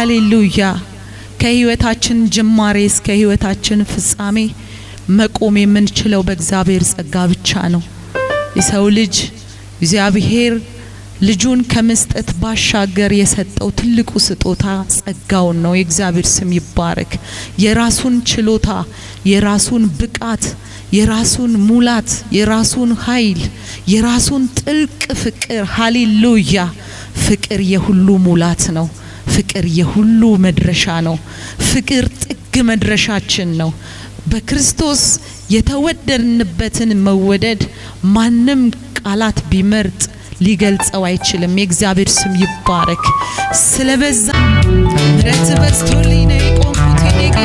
ሃሌሉያ። ከህይወታችን ጅማሬ እስከ ህይወታችን ፍጻሜ መቆም የምንችለው በእግዚአብሔር ጸጋ ብቻ ነው። የሰው ልጅ እግዚአብሔር ልጁን ከመስጠት ባሻገር የሰጠው ትልቁ ስጦታ ጸጋውን ነው። የእግዚአብሔር ስም ይባረክ። የራሱን ችሎታ፣ የራሱን ብቃት፣ የራሱን ሙላት፣ የራሱን ኃይል፣ የራሱን ጥልቅ ፍቅር ሃሌሉያ። ፍቅር የሁሉ ሙላት ነው። ፍቅር የሁሉ መድረሻ ነው። ፍቅር ጥግ መድረሻችን ነው። በክርስቶስ የተወደድንበትን መወደድ ማንም ቃላት ቢመርጥ ሊገልጸው አይችልም። የእግዚአብሔር ስም ይባረክ። ስለበዛ ምረት በዝቶልኝ ነው የቆምኩት ጌታ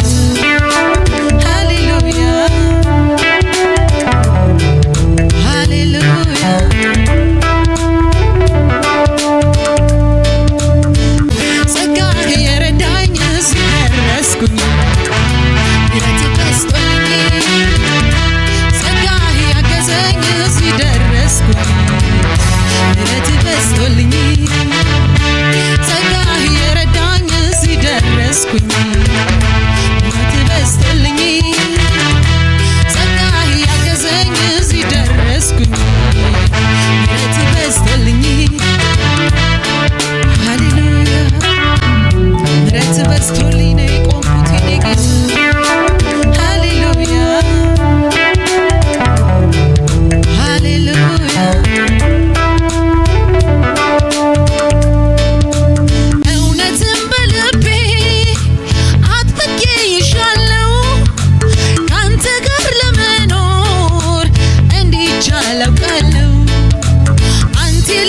አላውቃለው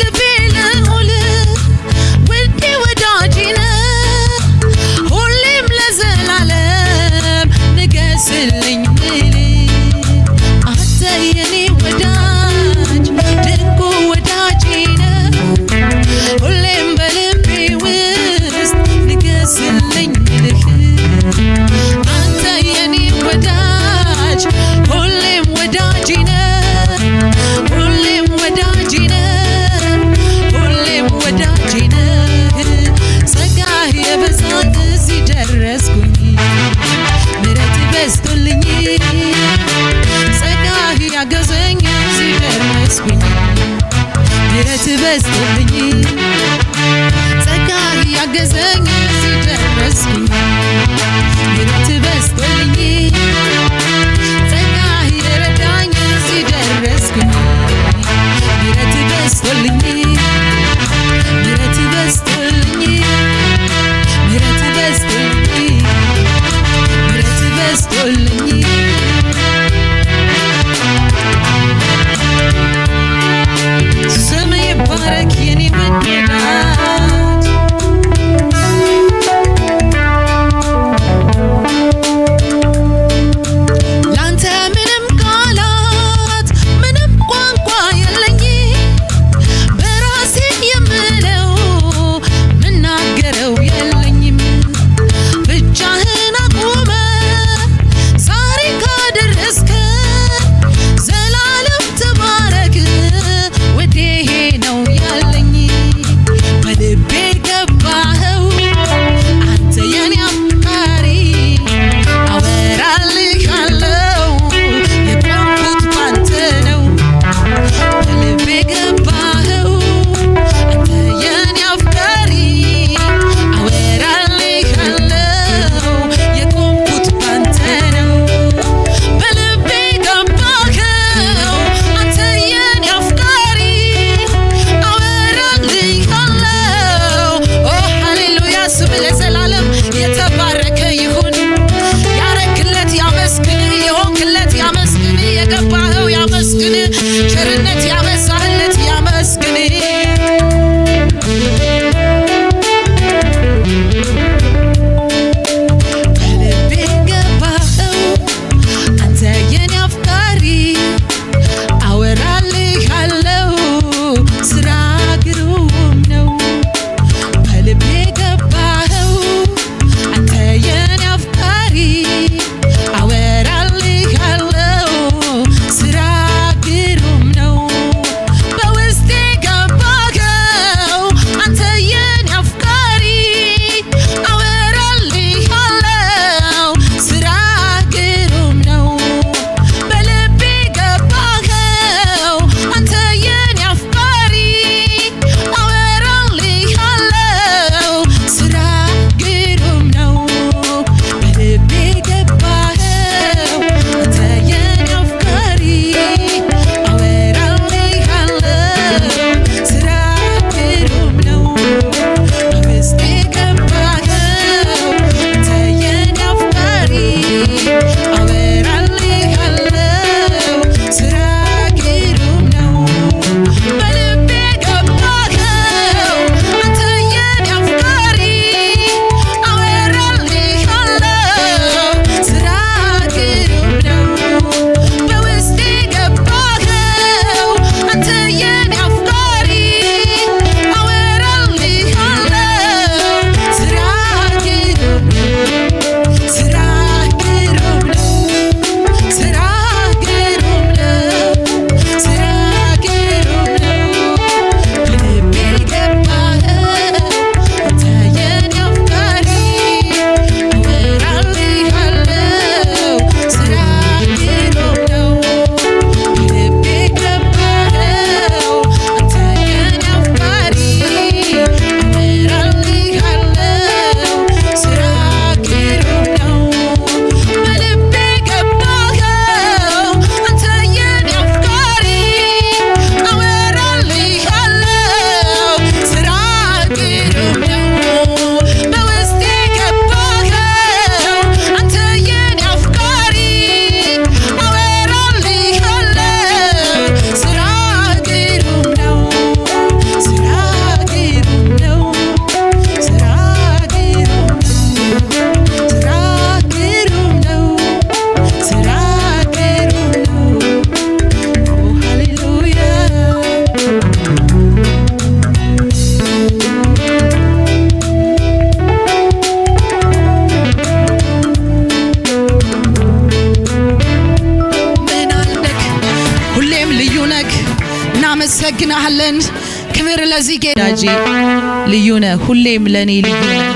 ልቤ ልዑል ወዳጅ ነህ ሁሌም ለዘላለም ንገስልኝ ምል አንተ ወደ ነህ፣ እናመሰግናሃለን። ክብር ለዚህ ጌታ ልዩ ነህ። ሁሌም ለኔ ልዩ ነህ።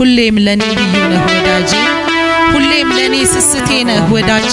ሁሌም ለኔ ልዩ ነህ ወዳጄ። ሁሌም ለኔ ስስቴ ነህ ወዳጄ።